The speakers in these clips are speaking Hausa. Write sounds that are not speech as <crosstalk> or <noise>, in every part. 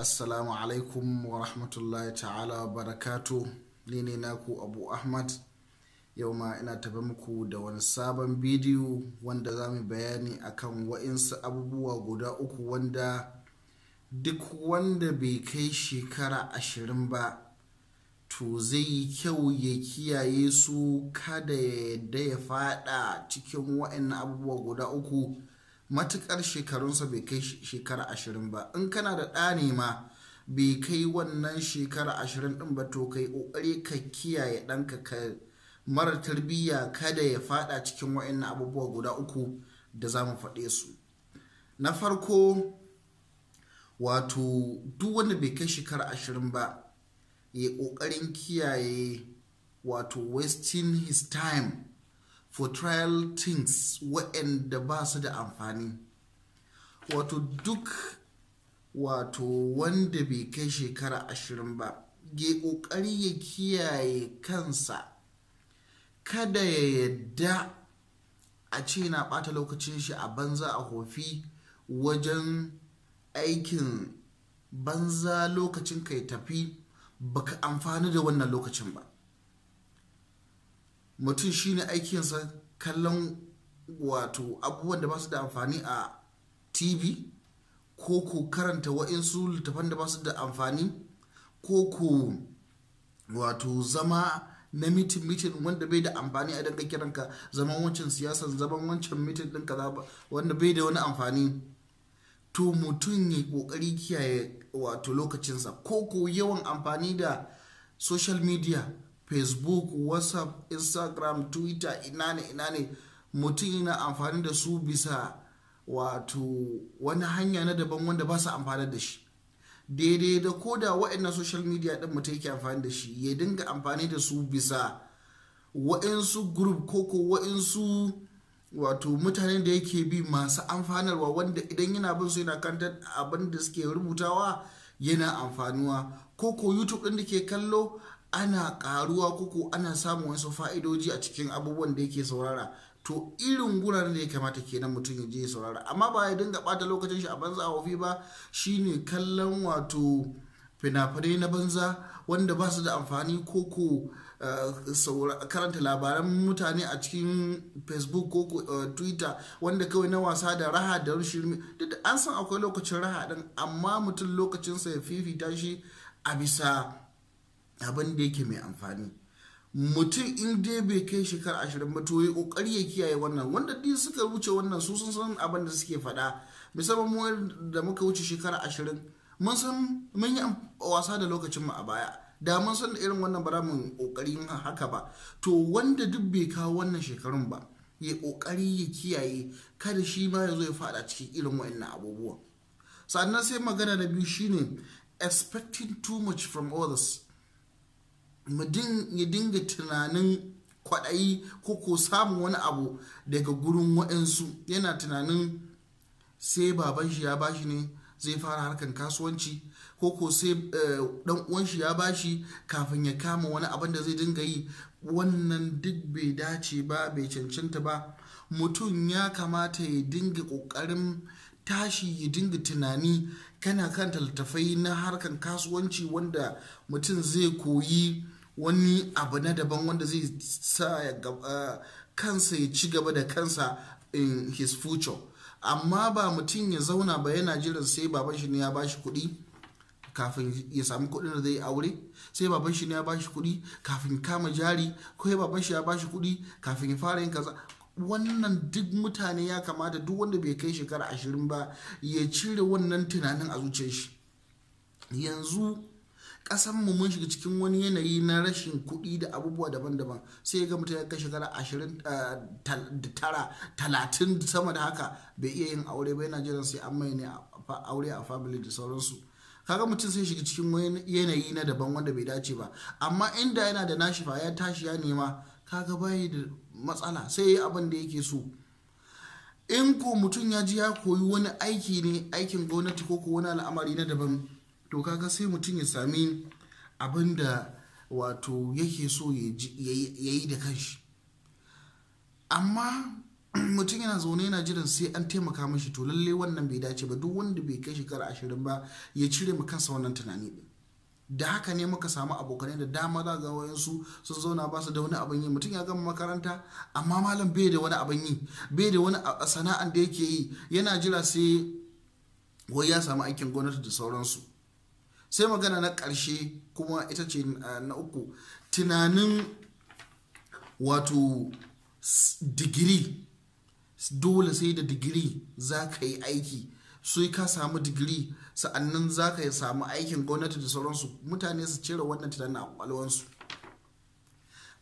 assalamu alaikum wa rahmatullahi ta'ala barakatu ni ne naku abu ahmad yau ma ina tafi muku da wani sabon bidiyo wanda za mu bayani akan wa'insu abubuwa guda uku wanda duk wanda bai kai shekara ashirin ba to zai yi kyau ya kiyaye su kada ya yadda ya fada cikin wa'in abubuwa guda uku matukar shekarunsa bai kai shekara ashirin ba in kana da ɗa ne ma bai kai wannan shekara ashirin ɗin ba to kai ƙoƙari ka kiyaye ɗanka ka mara tarbiyya kada ya faɗa cikin wa'in abubuwa guda uku da za mu faɗe su na farko wato duk wanda bai kai shekara ashirin ba ya ƙoƙarin kiyaye wato wasting his time for trial things waɗanda ba su da amfani wato duk wato wanda bai kai shekara ashirin ba ya ƙoƙari ya kiyaye kansa kada ya yadda a ce na ɓata lokacin shi a banza a hofi wajen aikin banza lokacin kai tafi baka amfani da wannan lokacin ba mutum shine aikinsa kallon wato abubuwan da ba su da amfani a tv ko ko karanta wa'insu littafan da ba su da amfani ko ko wato zama na mitin mitin wanda bai da amfani a danka kiranka zaman wancan siyasan zaman wancan mitin ɗin kaza wanda bai da wani amfani to mutum ya kokari kiyaye wato lokacinsa ko ko yawan amfani da social media facebook whatsapp instagram twitter ina ne ina ne mutum yana amfani da su bisa wato wani hanya na daban wanda ba su amfani da shi daidai da koda waɗannan social media ɗin mutum yake amfani da shi ya dinga amfani da su bisa waɗansu group ko ko waɗansu wato mutane da yake bi masu amfanarwa wanda idan yana bin su yana kantar abin da suke rubutawa yana amfanuwa ko ko youtube ɗin da ke kallo ana karuwa koko ana samun wasu fa'idoji a cikin abubuwan da yake saurara to irin guraren da ya kamata kenan mutum ya je saurara amma ba ya dinga bata lokacin shi a banza a wafi ba shine kallon wato fina-finai na banza wanda ba su da amfani koko eh, karanta labaran mutane a cikin facebook ko eh, twitter wanda kawai na wasa da raha da shirme duk an san akwai lokacin raha din amma mutum lokacinsa ya fifita shi a bisa abin da yake mai amfani mutum in dai bai kai shekara ashirin ba to ya kokari ya kiyaye wannan wanda din suka wuce wannan su sun san abin da suke faɗa musamman mu da muka wuce shekara ashirin mun san mun yi wasa da lokacin mu a baya da mun san irin wannan ba mu kokari haka ba to wanda duk bai kawo wannan shekarun ba ya kokari ya kiyaye kada shi ma ya zo ya faɗa cikin irin wa'annan abubuwa sannan sai magana na biyu shine expecting too much from others mutum ya dinga tunanin kwaɗayi ko ko samun wani abu daga gurin waɗansu yana tunanin sai baban shi ya bashi ne zai fara harkan kasuwanci ko ko sai dan eh, uwan shi ya bashi kafin ya kama wani abin da zai dinga yi wannan duk bai dace ba bai cancanta ba mutum ya kamata ya dinga kokarin tashi ya dinga tunani kana kan littattafai na harkan kasuwanci wanda mutum zai koyi wani abu na daban wanda zai sa ya gaba eh, kansa ya ci gaba da kansa in his future amma ba mutum ya zauna ba yana jiran sai baban shi ne ya bashi kuɗi kafin ya samu kuɗin da zai aure sai baban shi ne ya bashi kuɗi kafin kama jari ko baban shi ya bashi kuɗi kafin ya fara yin kaza wannan duk mutane ya kamata duk wanda bai kai shekara ashirin ba ya cire wannan tunanin a zuciyar shi yanzu mu mun shiga cikin wani yanayi na rashin kuɗi da abubuwa daban-daban sai ga mutum ya kai shekara ashirin da eh, tara talatin sama da haka bai iya yin aure ba na jiran sai an mai ne aure a family da sauransu kaga mutum sai shiga cikin yanayi na daban wanda bai dace ba amma inda yana da nashi fa ya tashi ya nema kaga bayi da matsala sai yayi abin da yake so in ko mutum ya ji ya koyi wani aiki ne aikin gwamnati ko ko wani al'amari na daban to kaga sai mutum ya sami abin da wato yake so ya yi da kanshi amma <clears throat> mutum yana zaune yana jiran sai an taimaka mashi to lalle wannan bai dace ba duk wanda bai kai shekara ashirin ba ya cire mu kansa wannan tunani ɗin da haka ne muka samu abokanai da dama za ga wayansu sun zauna ba su da wani abin yi mutum ya gama makaranta amma malam bai da wani abin yi bai da wani sana'an da yake yi yana jira sai wai ya samu aikin gwamnati da sauransu sai magana na ƙarshe kuma ita ce eh, na uku tunanin wato digiri dole sai da digiri za ka yi aiki sai ka samu digiri sa'annan za ka samu aikin gwamnati da sauransu mutane su cire wannan tunanin a kwakwalwansu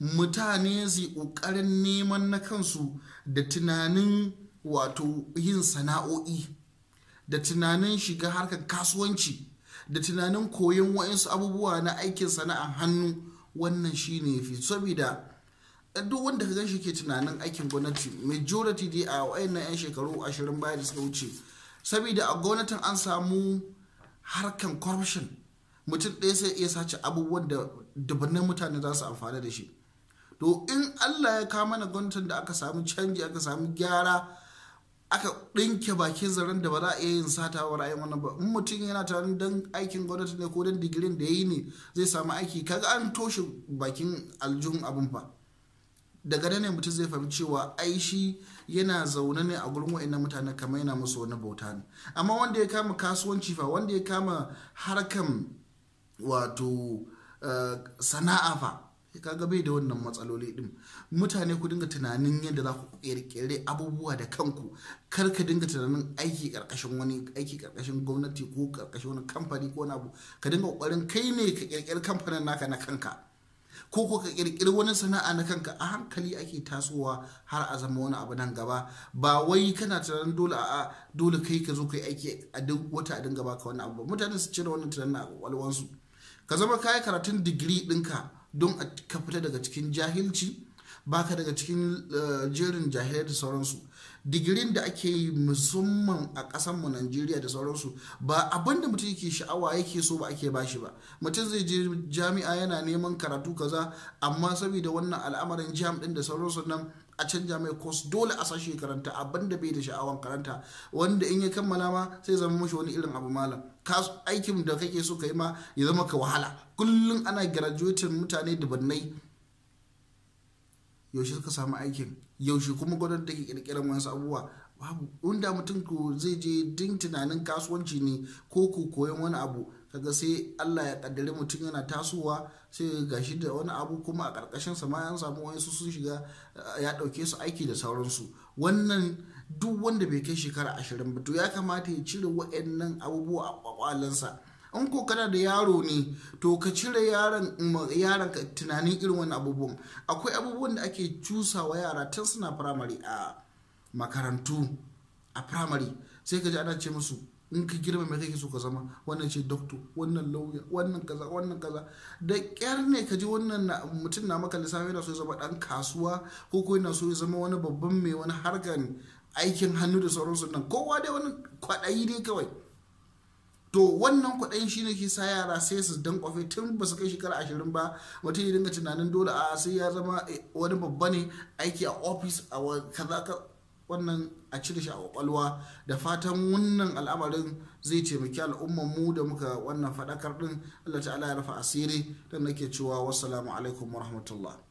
mutane su yi ƙoƙarin neman na kansu da tunanin wato yin sana'o'i da tunanin shiga harkar kasuwanci da tunanin koyon wa'insu abubuwa na aikin sana'ar hannu wannan shi ne fi saboda duk wanda ka gan shi ke tunanin aikin gwamnati majority dai a wayannan 'yan shekaru ashirin baya da suka wuce saboda a gwamnatin an samu harkan corruption mutum ɗaya sai iya sace abubuwan da dubannin mutane za su amfana da shi to in allah ya kama na gwamnatin da aka samu canji aka samu gyara aka ɗinke bakin zaren da ba za a iya yin sata wa ra'ayin wannan ba in mutum yana tarin don aikin gwamnati ne ko don digirin da ya yi ne zai samu aiki kaga an toshe bakin aljun abin fa daga nan ne mutum zai fahimci cewa ai shi yana zaune ne a gurin wa'annan mutane kamar yana musu wani bauta ne amma wanda ya kama kasuwanci fa wanda ya kama harkan wato eh, sana'a fa kaga bai da wannan matsaloli din mutane ku dinga tunanin yadda za ku kirkire abubuwa da kanku kar ka dinga tunanin aiki karkashin wani aiki karkashin gwamnati ko karkashin wani kamfani ko wani abu ka dinga kokarin kai ne ka kirkiri kamfanin naka na kanka ko ko ka kirkiri wani sana'a na kanka a hankali ake tasowa har a zama wani abu nan gaba ba wai kana tunanin dole a dole kai ka zo kai aiki a duk wata a dinga baka wani abu mutane su cire wannan tunanin a kwakwalwansu ka zama kayi karatun digiri ɗinka don a ka fita daga cikin jahilci baka daga cikin eh, jerin jahilai da sauransu digirin da ake yi musamman a ƙasanmu Najeriya da sauransu ba abin da mutum yake sha'awa yake so ba ake bashi ba mutum zai je jami'a yana neman karatu kaza amma saboda wannan al'amarin jam din da sauransu nan a canja mai course dole a sashe karanta abinda da bai da sha'awan karanta wanda in ya kammala ma sai zama mashi wani irin abu malam aikin da kake so ka yi ma ya zama ka wahala kullum ana graduating mutane dubannai yaushe suka samu aikin yaushe kuma gwadon take kirkirar wasu abubuwa babu inda mutum ko zai je din tunanin kasuwanci ne ko ku koyon wani abu kaga sai Allah ya kaddare mutum yana tasowa sai gashi da wani abu kuma a karkashin sa ma an samu su sun shiga eh, ya dauke su aiki da sauransu wannan duk wanda bai kai shekara ashirin ba to ya kamata ya cire wa'annan abubuwa a kwakwalansa in ko kana da yaro ne to ka cire yaron yaron ka tunanin irin wani abubuwan akwai abubuwan da ake cusawa yara tun suna firamare a makarantu a primary sai ka ji ana ce musu in ka girma mai kake so ka zama wannan ce doctor wannan lauya wannan kaza wannan kaza da kyar ne ka ji wannan mutum na maka lissafi yana so ya zama dan kasuwa ko ko yana so ya zama wani babban mai wani harkan aikin hannu da sauransu nan kowa dai wani kwaɗayi ne kawai to wannan kwaɗayin ne ke sa yara sai su dan kwafe tun ba su kai shekara ashirin ba mutum ya dinga tunanin dole a sai ya zama eh, wani babba ne aiki a ofis a kaza wannan a cire shi a kwakwalwa da fatan wannan al'amarin zai taimaki al'ummar mu da muka wannan faɗakar din Allah ta'ala ya rafa asiri don nake cewa wassalamu alaikum warahmatullah